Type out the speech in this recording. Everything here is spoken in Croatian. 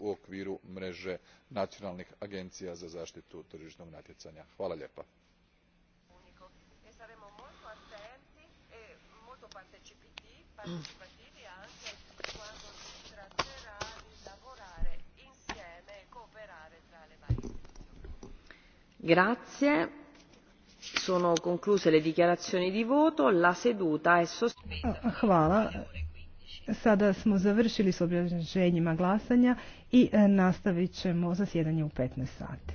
u okviru mreže nacionalnih agencija za zatitu trinog natjecanja. hvala lijepa. sono concluse le dichiarazioni di voto la seduta è sospesa. Ah, ah, Sada smo završili s obrazloženjima glasanja i e, nastavit ćemo zasjedanje u 15 sati.